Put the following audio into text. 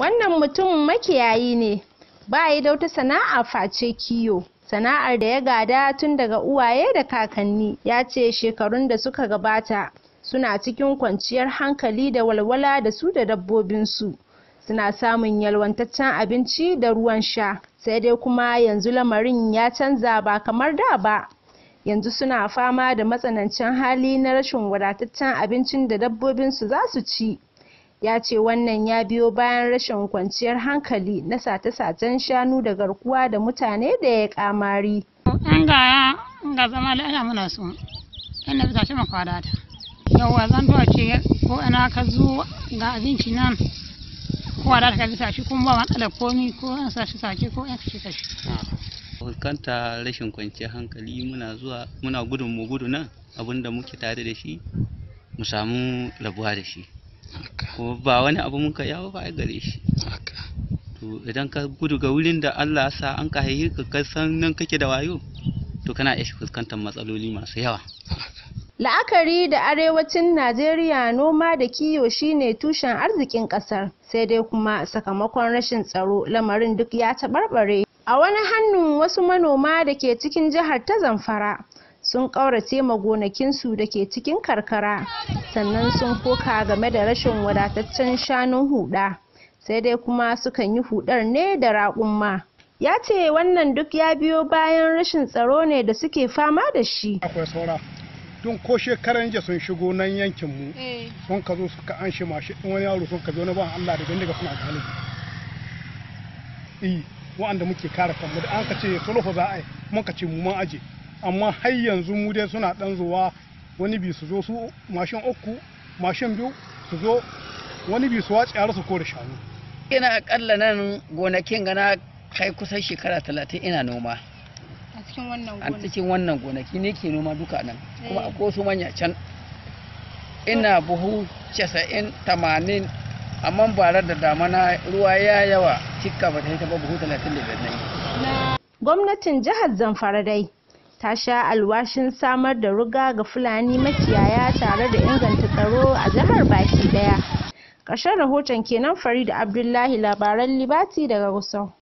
wannan mutum makiyayi ne bayi da wata sana'a face kiyo sana'ar da ya gada tun daga uwaye da kakanni ya ce shekarun da suka gabata suna cikin kwanciyar hankali da walwala da su da dabbobinsu suna samun yalwantaccen abinci da ruwan sha sai dai kuma yanzu lamarin ya canza ba kamar da ba yanzu suna fama da matsanancin hali na rashin wadataccen abincin da dabbobinsu za su ci ya ce wannan ya biyo bayan rashin kwanciyar hankali na sace-sacen shanu da garkuwa da mutane da ya kamari. in ga ga zama la'ala muna su inda bisa shi makwada ta wa zan zuwa ce ko ina ka zo ga abinci nan ko da ka bisa shi kuma ba matsala komi ko an sa shi sake ko an kashe kashe kanta rashin kwanciyar hankali muna zuwa muna gudun mu gudu nan abinda muke tare da shi mu samu rabuwa da shi kuma ba wani abu mun ka yawo ba gare shi to idan ka gudu ga wurin da Allah ya sa an ka haihi ka san nan kake da wayo to kana iya fuskantar matsaloli masu yawa la'akari da arewacin Najeriya noma da kiwo shine tushen arzikin kasar sai dai kuma sakamakon rashin tsaro lamarin duk ya taɓarɓare a wani hannun wasu manoma da ke cikin jihar ta Zamfara sun ƙaurace ma gonakinsu da ke cikin karkara sannan sun koka game da rashin wadataccen shanun huda sai dai kuma sukan yi hudar ne da raƙumma ya ce wannan duk ya biyo bayan rashin tsaro ne da suke fama da shi akwai saura ko shekaran jiya sun shigo nan yankin mu eh. sun ka zo suka an shi mashi wani yaro sun ka zo na ban Allah da gani daga suna galibi eh wa'anda muke kare kanmu da an ka ce sulhu za a yi mun ka ce mu ma aje amma har yanzu mu dai suna ɗan zuwa wani bi su zo su mashin uku mashin biyu su zo wani bi su wace yara su kore shanu ina akalla nan gonakin gana kai kusan shekara talatin ina noma a cikin wannan gonaki ne ke noma duka nan kuma eh. akwai wasu manya can ina buhu casa'in tamanin amma bara da damana ruwa ya yawa cikka ba ta yi taba buhu talatin da biyar na yi gwamnatin jihar zamfara dai ta sha alwashin samar da ruga ga fulani makiyaya tare da inganta tsaro a jihar baki daya ƙarshen rahoton kenan farid abdullahi labaran libati daga gusau